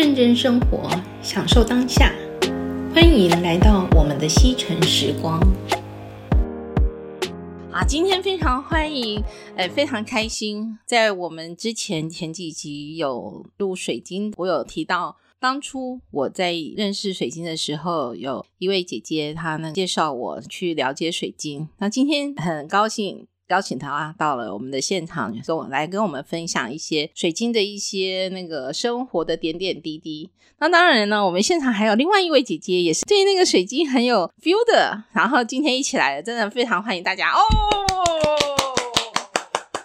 認真生活，享受當下。歡迎來到我們的西城時光。啊，今天非常歡迎，呃，非常開心。在我們之前前幾集有錄水晶，我有提到，當初我在認識水晶的時候，有一位姐姐她呢介紹我去了解水晶。那今天很高興。邀請她啊，到了我們的現場，跟我來跟我們分享一些水晶的一些那個生活的點點滴滴。那當然呢，我們現場還有另外一位姐姐，也是對那個水晶很有 feel 的。然後今天一起來的，真的非常歡迎大家哦。Oh!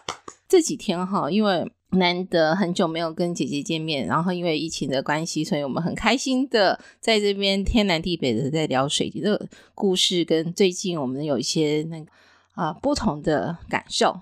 這幾天哈，因為難得很久沒有跟姐姐見面，然後因為疫情的關係，所以我們很開心的在這邊天南地北的在聊水晶的故事，跟最近我們有一些那個。啊、呃，不同的感受。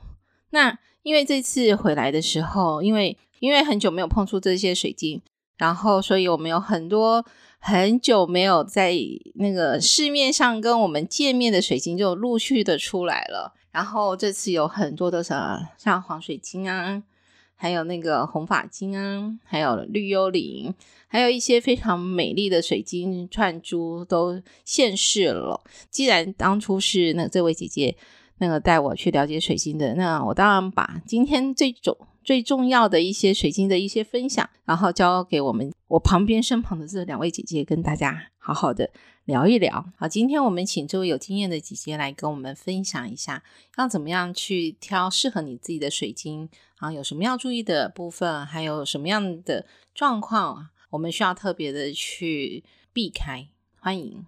那因為這次回來的時候，因為因為很久沒有碰觸這些水晶，然後所以我們有很多很久沒有在那個市面上跟我們見面的水晶就陸續的出來了。然後這次有很多的什麼，像黃水晶啊，還有那個紅髮晶啊，還有綠幽靈，還有一些非常美麗的水晶串珠都現世了。既然當初是那這位姐姐那個帶我去了解水晶的，那我當然把今天最重最重要的一些水晶的一些分享，然後交給我們我旁邊身旁的這兩位姐姐跟大家好好的聊一聊。好，今天我們請這位有經驗的姐姐來跟我們分享一下，要怎麼樣去挑適合你自己的水晶啊？有什麼要注意的部分？還有什麼樣的狀況我們需要特別的去避開？歡迎。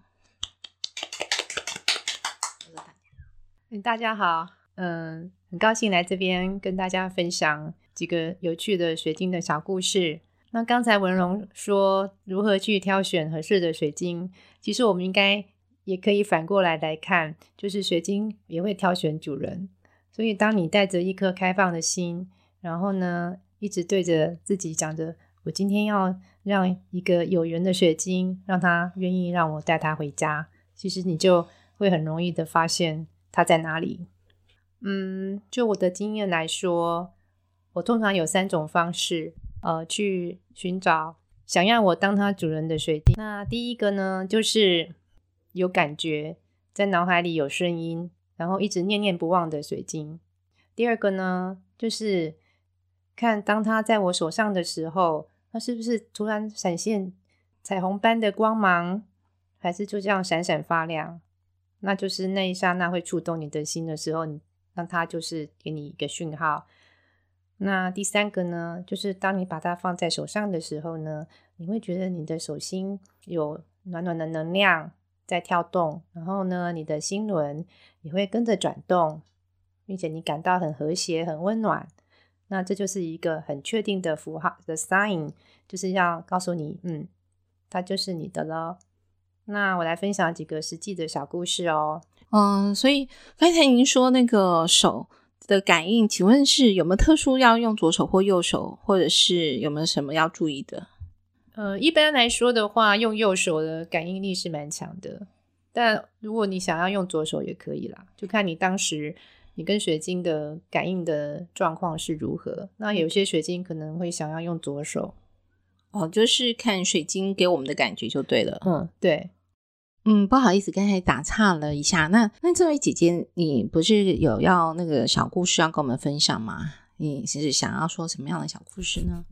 嗯，大家好，嗯，很高興來這邊跟大家分享幾個有趣的水晶的小故事。那剛才文龍說如何去挑選合適的水晶，其實我們應該也可以反過來來看，就是水晶也會挑選主人。所以，當你帶着一顆開放的心，然後呢，一直對着自己講着“我今天要讓一個有緣的水晶，讓它願意讓我帶它回家”，其實你就會很容易的發現。它在哪裡？嗯，就我的經驗來說，我通常有三種方式，呃，去尋找想要我當它主人的水晶。那第一個呢，就是有感覺，在腦海裡有聲音，然後一直念念不忘的水晶。第二個呢，就是看當它在我手上的時候，它是不是突然閃現彩虹般的光芒，還是就這樣閃閃發亮。那就是那一剎那會觸動你的心的時候，讓它就是給你一個訊號。那第三個呢，就是當你把它放在手上的時候呢，你會覺得你的手心有暖暖的能量在跳動，然後呢，你的心輪也會跟着轉動，並且你感到很和諧、很溫暖。那這就是一個很確定的符號，the sign，就是要告訴你，嗯，它就是你的了。那我來分享幾個實際的小故事哦。嗯，所以剛才您說那個手的感應，請問是有沒有特殊要用左手或右手，或者是有沒有什麼要注意的？呃，一般來說的話，用右手的感應力是蠻強的，但如果你想要用左手也可以啦，就看你當時你跟水晶的感應的狀況是如何。那有些水晶可能會想要用左手。哦，就是看水晶給我們的感覺就對了。嗯，對，嗯，不好意思，剛才打岔了一下。那那這位姐姐，你不是有要那個小故事要跟我們分享嗎？你是想要說什麼樣的小故事呢？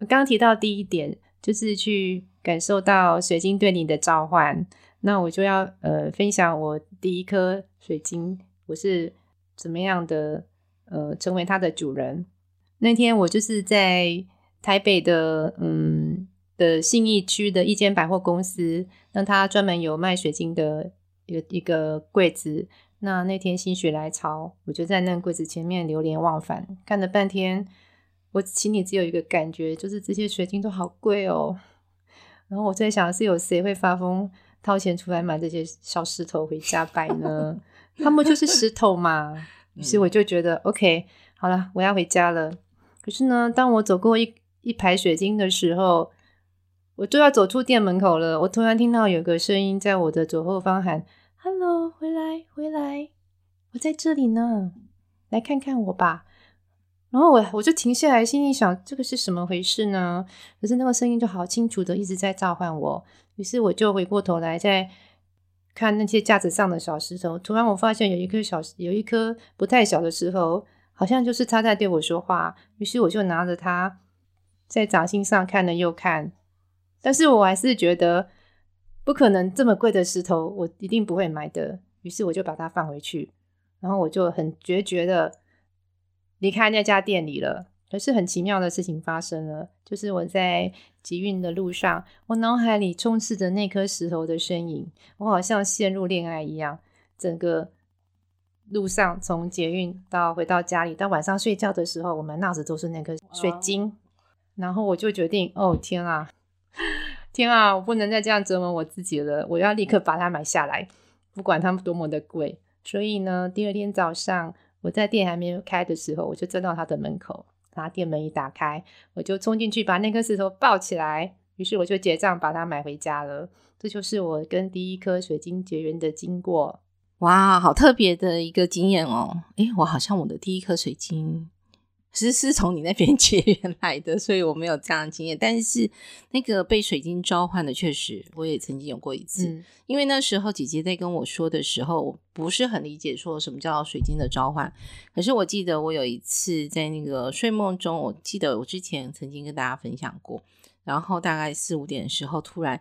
我剛剛提到第一點就是去感受到水晶對你的召喚，那我就要呃分享我第一顆水晶我是怎麼樣的呃成為它的主人。那天我就是在。台北的嗯的信義區的一間百貨公司，那它專門有賣水晶的，有一個櫃子。那那天心血來潮，我就在那櫃子前面流連忘返，看了半天。我心裡只有一個感覺，就是這些水晶都好貴哦。然後我在想，是有誰會發瘋掏錢出來買這些小石頭回家擺呢？ 他們就是石頭嘛。於 是我就覺得、嗯、OK，好了，我要回家了。可是呢，當我走過一一排水晶的時候，我就要走出店門口了。我突然聽到有個聲音在我的左後方喊：“Hello，回來，回來，我在這裡呢，來看看我吧。”然後我我就停下來心，心裡想：“這個是什麼回事呢？”可是那個聲音就好清楚地一直在召喚我。於是我就回過頭來，再看那些架子上的小石頭。突然我發現有一顆小，有一顆不太小的石頭，好像就是他在對我說話。於是我就拿着它。在掌心上看了又看，但是我還是覺得不可能這麼貴的石頭，我一定不會買的。於是我就把它放回去，然後我就很決絕的離開那家店裡了。可是很奇妙的事情發生了，就是我在捷運的路上，我腦海裡充斥着那顆石頭的身影，我好像陷入戀愛一樣。整個路上，從捷運到回到家裡，到晚上睡覺的時候，我滿腦子都是那顆水晶。啊然後我就決定，哦天啊，天啊，我不能再這樣折磨我自己了，我要立刻把它買下來，不管它多麼的貴。所以呢，第二天早上我在店還沒有開的時候，我就站到它的門口，把店門一打開，我就衝進去把那顆石頭抱起來，於是我就結賬把它買回家了。這就是我跟第一顆水晶結緣的經過。哇，好特別的一個經驗哦！哎，我好像我的第一顆水晶。其實是從你那邊結緣來的，所以我沒有這樣的經驗。但是那個被水晶召喚的，確實我也曾經有過一次。嗯、因為那時候姐姐在跟我說的時候，我不是很理解說什麼叫水晶的召喚。可是我記得我有一次在那個睡夢中，我記得我之前曾經跟大家分享過。然後大概四五點的時候，突然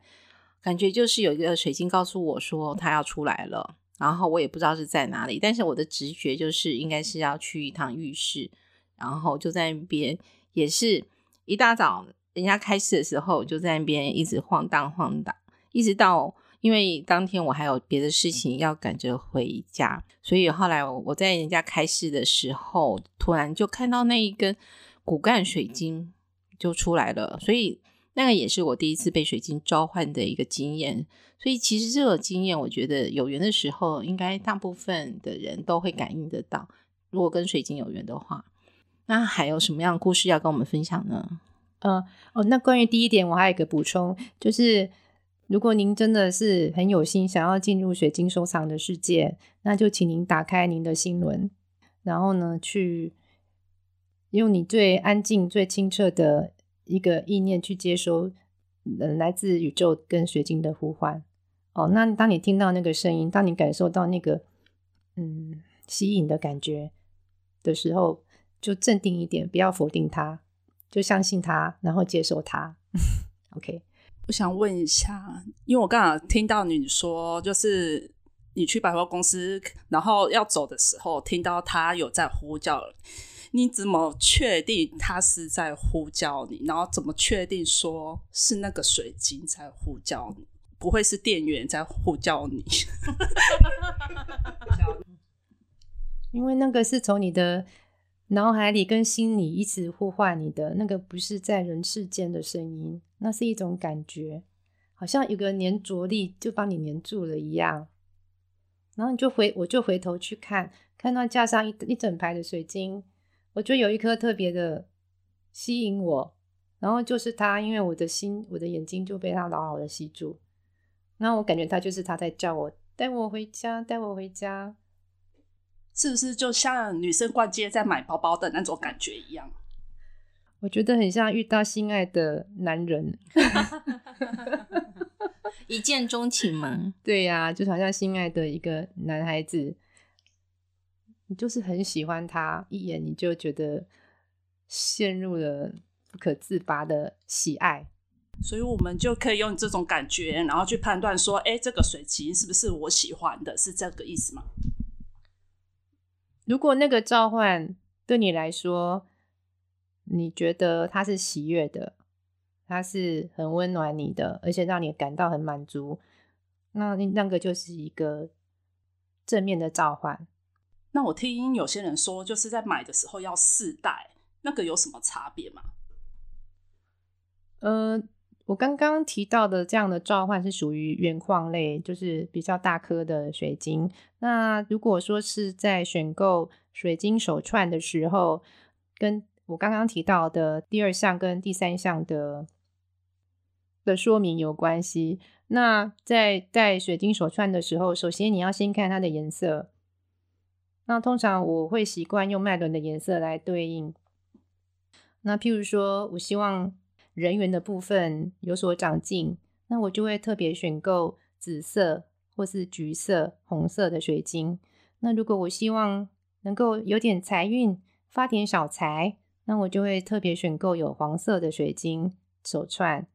感覺就是有一個水晶告訴我說他要出來了。然後我也不知道是在哪裡，但是我的直覺就是應該是要去一趟浴室。然後就在那邊，也是一大早，人家開市的時候就在那邊一直晃蕩晃蕩，一直到因為當天我還有別的事情要趕着回家，所以後來我在人家開市的時候，突然就看到那一根骨幹水晶就出來了，所以那個也是我第一次被水晶召喚的一個經驗。所以其實這個經驗，我覺得有緣的時候，應該大部分的人都會感應得到，如果跟水晶有緣的話。那還有什麼樣的故事要跟我們分享呢？呃，哦，那關於第一點，我還有一個補充，就是如果您真的是很有心，想要進入水晶收藏的世界，那就請您打開您的心輪，然後呢，去用你最安靜、最清澈的一個意念去接收，嗯，來自宇宙跟水晶的呼喚。哦，那當你聽到那個聲音，當你感受到那個嗯吸引的感覺的時候，就鎮定一點，不要否定他，就相信他，然後接受他。 OK，我想問一下，因為我剛剛聽到你說，就是你去百貨公司，然後要走的時候，聽到他有在呼叫，你怎麼確定他是在呼叫你？然後怎麼確定說是那個水晶在呼叫你，不會是店員在呼叫你？ 因為那個是從你的。腦海裡跟心裡一直呼喚你的那個，不是在人世間的聲音，那是一種感覺，好像有個黏着力就幫你黏住了一樣。然後你就回，我就回頭去看，看到架上一一整排的水晶，我就有一顆特別的吸引我，然後就是它，因為我的心，我的眼睛就被它牢牢的吸住。那我感覺它就是它在叫我，帶我回家，帶我回家。是不是就像女生逛街在買包包的那種感覺一樣？我覺得很像遇到心愛的男人， 一見鍾情嗎？ 對呀，啊，就是，好像心愛的一個男孩子，你就是很喜歡他，一眼你就覺得陷入了不可自拔的喜愛。所以我們就可以用這種感覺，然後去判斷說，哎，欸，這個水晶是不是我喜歡的？是這個意思嗎？如果那個召喚對你來說，你覺得它是喜悅的，它是很溫暖你的，而且讓你感到很滿足，那那個就是一個正面的召喚。那我聽有些人說，就是在買的時候要試戴，那個有什麼差別嗎？呃。我剛剛提到的這樣的召喚是屬於原礦類，就是比較大顆的水晶。那如果說是在選購水晶手串的時候，跟我剛剛提到的第二項跟第三項的的說明有關係。那在戴水晶手串的時候，首先你要先看它的顏色。那通常我會習慣用脈輪的顏色來對應。那譬如說我希望。人緣的部分有所長進，那我就會特別選購紫色或是橘色、紅色的水晶。那如果我希望能夠有點財運，發點小財，那我就會特別選購有黃色的水晶手串。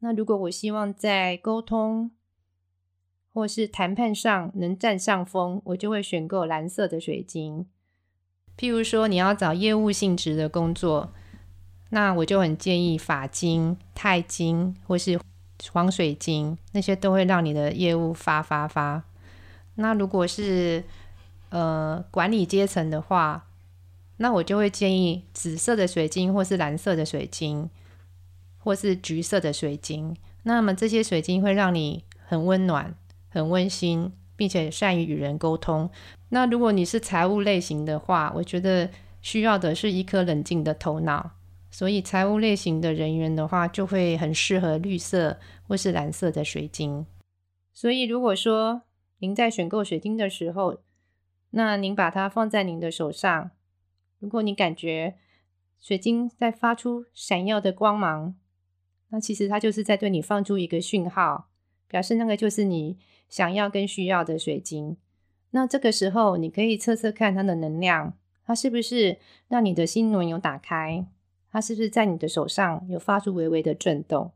那如果我希望在溝通或是談判上能占上風，我就會選購藍色的水晶。譬如說，你要找業務性質的工作。那我就很建議髮晶、鈦晶或是黃水晶，那些都會讓你的業務發發發。那如果是呃管理階層的話，那我就會建議紫色的水晶，或是藍色的水晶，或是橘色的水晶。那麼這些水晶會讓你很溫暖、很溫馨，並且善於與人溝通。那如果你是財務類型的話，我覺得需要的是一顆冷靜的頭腦。所以財務類型的人員的話，就會很適合綠色或是藍色的水晶。所以如果說您在選購水晶的時候，那您把它放在您的手上，如果你感覺水晶在發出閃耀的光芒，那其實它就是在對你放出一個訊號，表示那個就是你想要跟需要的水晶。那這個時候你可以測測看它的能量，它是不是讓你的心輪有打開？它是不是在你的手上有發出微微的震動？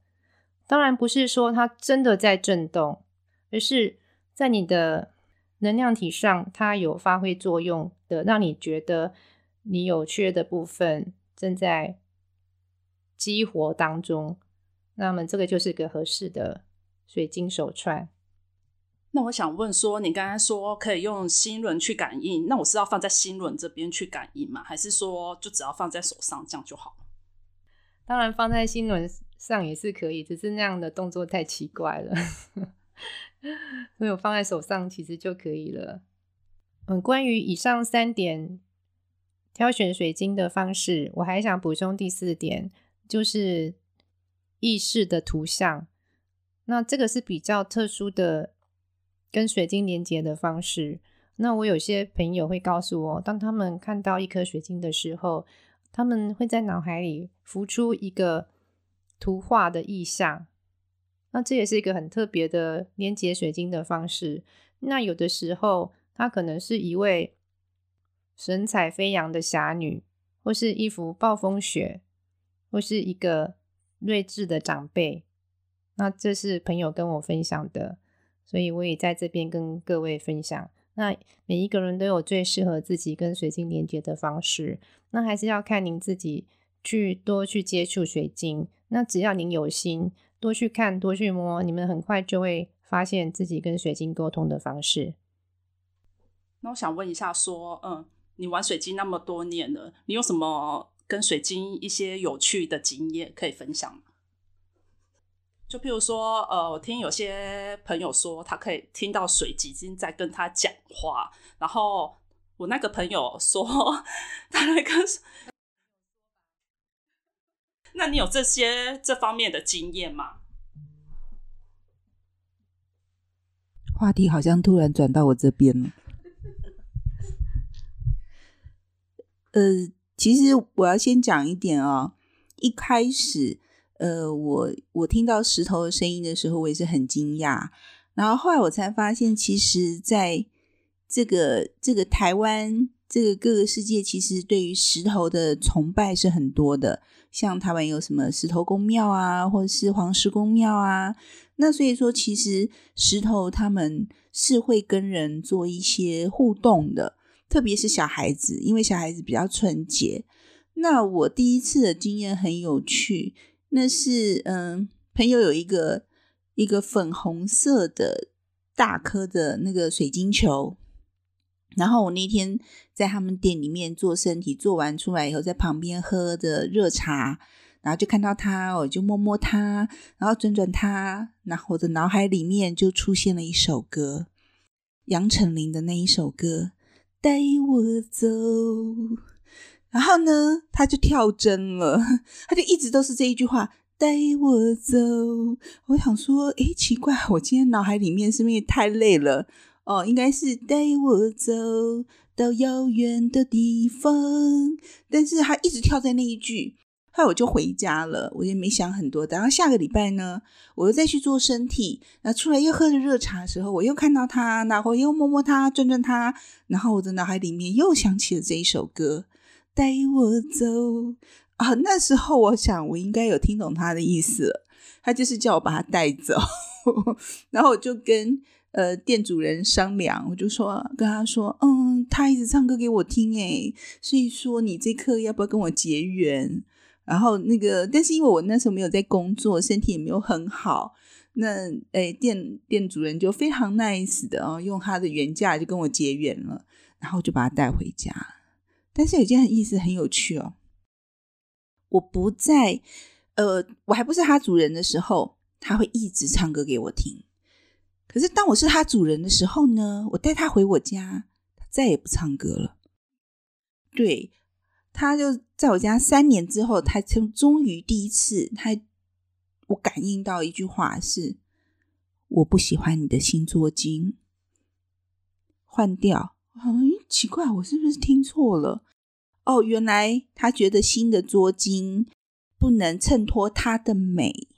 當然不是說它真的在震動，而是在你的能量體上，它有發揮作用的，讓你覺得你有缺的部分正在激活當中。那麼這個就是個合適的水晶手串。那我想問說，你剛剛說可以用心輪去感應，那我是要放在心輪這邊去感應嗎？還是說就只要放在手上這樣就好？當然放在心輪上也是可以，只是那樣的動作太奇怪了，所 以放在手上其實就可以了。嗯，關於以上三點，挑選水晶的方式，我還想補充第四點，就是意識的圖像。那這個是比較特殊的跟水晶連接的方式。那我有些朋友會告訴我，當他們看到一顆水晶的時候，他們會在腦海裡浮出一個圖畫的意象，那這也是一個很特別的連接水晶的方式。那有的時候，他可能是一位神采飛揚的俠女，或是一幅暴風雪，或是一個睿智的長輩。那這是朋友跟我分享的，所以我也在這邊跟各位分享。那每一個人都有最適合自己跟水晶連接的方式，那還是要看您自己去多去接觸水晶。那只要您有心，多去看，多去摸，你們很快就會發現自己跟水晶溝通的方式。那我想問一下說，嗯，你玩水晶那麼多年了，你有什麼跟水晶一些有趣的經驗可以分享嗎？就譬如說，呃，我聽有些朋友說，他可以聽到水晶在跟他講話。然後我那個朋友說，他那個……那你有這些這方面的經驗嗎？話題好像突然轉到我這邊了。呃，其實我要先講一點啊、喔，一開始。呃，我我聽到石頭的聲音的時候，我也是很驚訝。然後後來我才發現，其實在這個這個台灣，這個各個世界，其實對於石頭的崇拜是很多的。像台灣有什麼石頭公廟啊，或者是黃石公廟啊。那所以說，其實石頭他們是會跟人做一些互動的，特別是小孩子，因為小孩子比較純潔。那我第一次的經驗很有趣。那是嗯，朋友有一個一個粉紅色的大顆的那個水晶球，然後我那天在他們店裡面做身體，做完出來以後，在旁邊喝着熱茶，然後就看到他，我就摸摸他，然後轉轉他，然後我的腦海裡面就出現了一首歌，楊丞琳的那一首歌《帶我走》。然後呢，他就跳針了，他就一直都是這一句話：“帶我走。”我想說，誒，奇怪，我今天腦海裡面是不是也太累了？哦，應該是“帶我走到遙遠的地方”，但是他一直跳在那一句。後來我就回家了，我也沒想很多。然後下個禮拜呢，我又再去做身體，那出來又喝着熱茶的時候，我又看到他，然後又摸摸他，轉轉他，然後我的腦海裡面又想起了這一首歌。帶我走啊！那時候我想，我應該有聽懂他的意思了。他就是叫我把他帶走， 然後我就跟呃店主人商量，我就說跟他說，嗯，他一直唱歌給我聽誒、欸，所以說你這顆要不要跟我結緣？然後那個，但是因為我那時候沒有在工作，身體也沒有很好，那誒、欸、店店主人就非常 nice 的哦，用他的原價就跟我結緣了，然後我就把他帶回家。但是有件意思很有趣哦，我不在，呃，我還不是他主人的時候，他會一直唱歌給我聽。可是當我是他主人的時候呢，我帶他回我家，他再也不唱歌了。對，他就在我家三年之後，他終終於第一次，他我感應到一句話是：我不喜歡你的新桌巾，換掉。嗯，奇怪，我是不是聽錯了？哦，原來他覺得新的桌巾不能襯托他的美，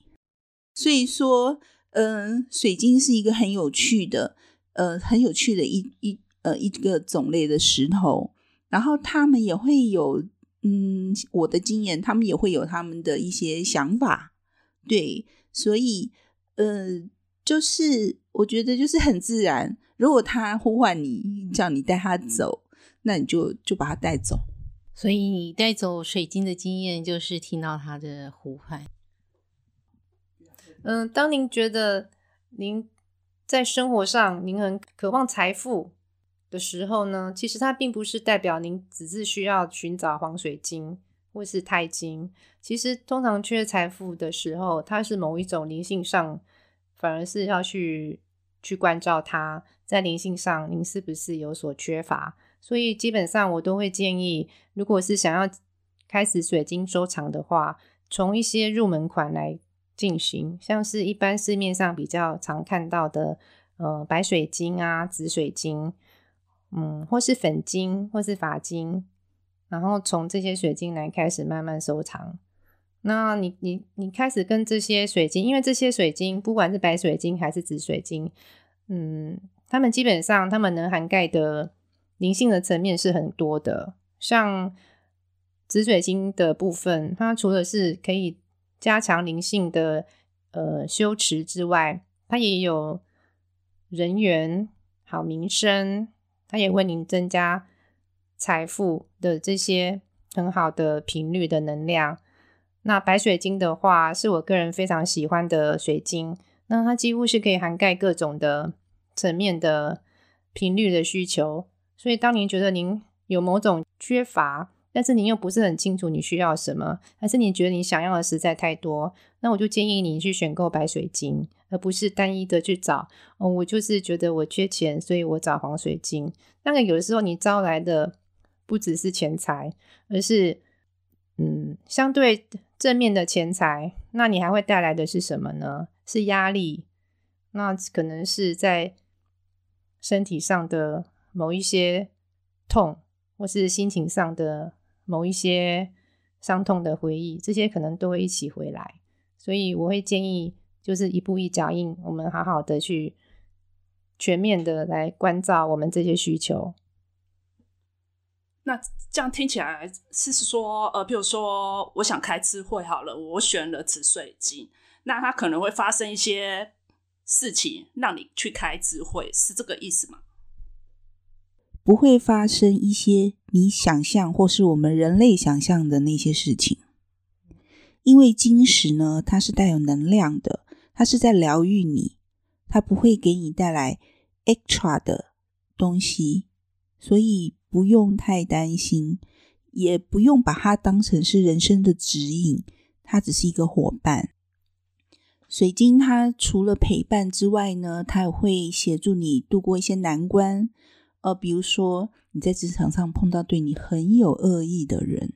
所以說，嗯、呃，水晶是一個很有趣的，呃，很有趣的一一呃一個種類的石頭。然後他們也會有，嗯，我的經驗，他們也會有他們的一些想法。對，所以，呃，就是我覺得就是很自然，如果他呼喚你，叫你帶他走，那你就就把他帶走。所以你帶走水晶的經驗就是聽到它的呼喊。嗯，當您覺得您在生活上您很渴望財富的時候呢，其實它並不是代表您只是需要尋找黃水晶或是鈦晶。其實通常缺財富的時候，它是某一種靈性上，反而是要去去關照它，在靈性上您是不是有所缺乏？所以基本上，我都會建議，如果是想要開始水晶收藏的話，從一些入門款來進行，像是一般市面上比較常看到的，呃，白水晶啊，紫水晶，嗯，或是粉晶，或是髮晶，然後從這些水晶來開始慢慢收藏。那你你你開始跟這些水晶，因為這些水晶不管是白水晶還是紫水晶，嗯，他們基本上他們能涵蓋的。靈性的層面是很多的，像紫水晶的部分，它除了是可以加強靈性的呃修持之外，它也有人緣、好名聲，它也為您增加財富的這些很好的頻率的能量。那白水晶的話，是我個人非常喜歡的水晶，那它幾乎是可以涵蓋各種的層面的頻率的需求。所以，當您覺得您有某種缺乏，但是您又不是很清楚你需要什麼，還是你覺得你想要的實在太多，那我就建議您去選購白水晶，而不是單一的去找。哦，我就是覺得我缺錢，所以我找黃水晶。那個有的時候你招來的不只是錢財，而是嗯，相對正面的錢財。那你還會帶來的是什麼呢？是壓力。那可能是在身體上的。某一些痛，或是心情上的某一些傷痛的回憶，這些可能都會一起回來，所以我會建議，就是一步一腳印，我們好好的去全面的來關照我們這些需求。那這樣聽起來是是說，呃，譬如說，我想開智慧好了，我選了紫水晶，那它可能會發生一些事情讓你去開智慧，是這個意思嗎？不會發生一些你想象或是我們人類想象的那些事情，因為晶石呢，它是帶有能量的，它是在療癒你，它不會給你帶來 extra 的東西，所以不用太擔心，也不用把它當成是人生的指引，它只是一個夥伴。水晶它除了陪伴之外呢，它也會協助你度過一些難關。呃，比如說你在職場上碰到對你很有惡意的人，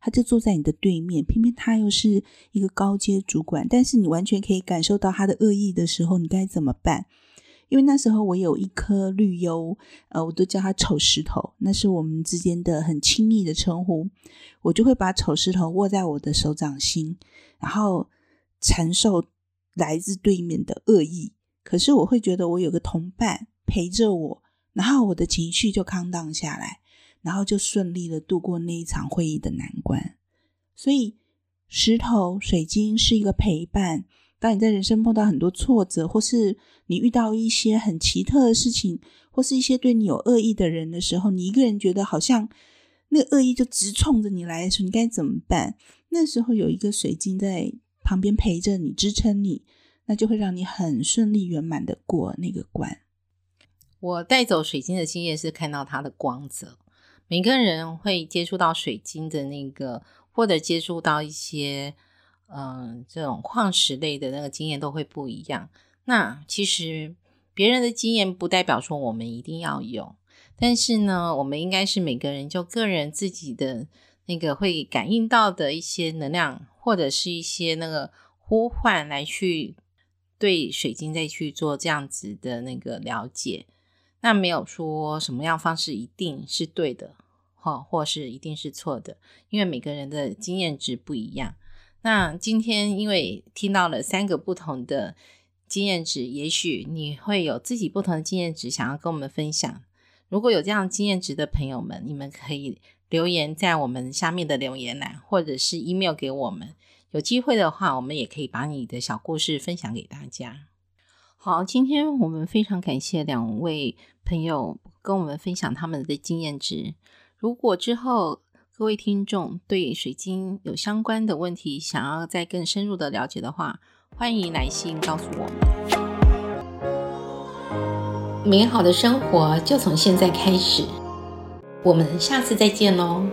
他就坐在你的對面，偏偏他又是一個高階主管，但是你完全可以感受到他的惡意的時候，你該怎麼辦？因為那時候我有一顆綠幽，呃，我都叫他醜石頭，那是我們之間的很親密的稱呼，我就會把醜石頭握在我的手掌心，然後承受來自對面的惡意。可是我會覺得我有個同伴陪着我。然後我的情緒就康蕩下來，然後就順利的度過那一場會議的難關。所以，石頭水晶是一個陪伴。當你在人生碰到很多挫折，或是你遇到一些很奇特的事情，或是一些對你有惡意的人的時候，你一個人覺得好像那個惡意就直衝着你來的時候，你該怎麼辦？那時候有一個水晶在旁邊陪着你，支撐你，那就會讓你很順利圓滿的過那個關。我帶走水晶的經驗是看到它的光澤。每個人會接觸到水晶的那個，或者接觸到一些，嗯，這種礦石類的那個經驗都會不一樣。那其實別人的經驗不代表說我們一定要有，但是呢，我們應該是每個人就個人自己的那個會感應到的一些能量，或者是一些那個呼喚來去對水晶再去做這樣子的那個了解。那沒有說什麼樣方式一定是對的，或、哦、或是一定是錯的，因為每個人的經驗值不一樣。那今天因為聽到了三個不同的經驗值，也許你會有自己不同的經驗值想要跟我們分享。如果有這樣經驗值的朋友們，你們可以留言在我們下面的留言欄，或者是 email 給我們。有機會的話，我們也可以把你的小故事分享給大家。好，今天我們非常感謝兩位朋友跟我們分享他們的經驗值。如果之後各位聽眾對水晶有相關的問題，想要再更深入的了解的話，歡迎來信告訴我們。美好的生活就從現在開始，我們下次再見嘍。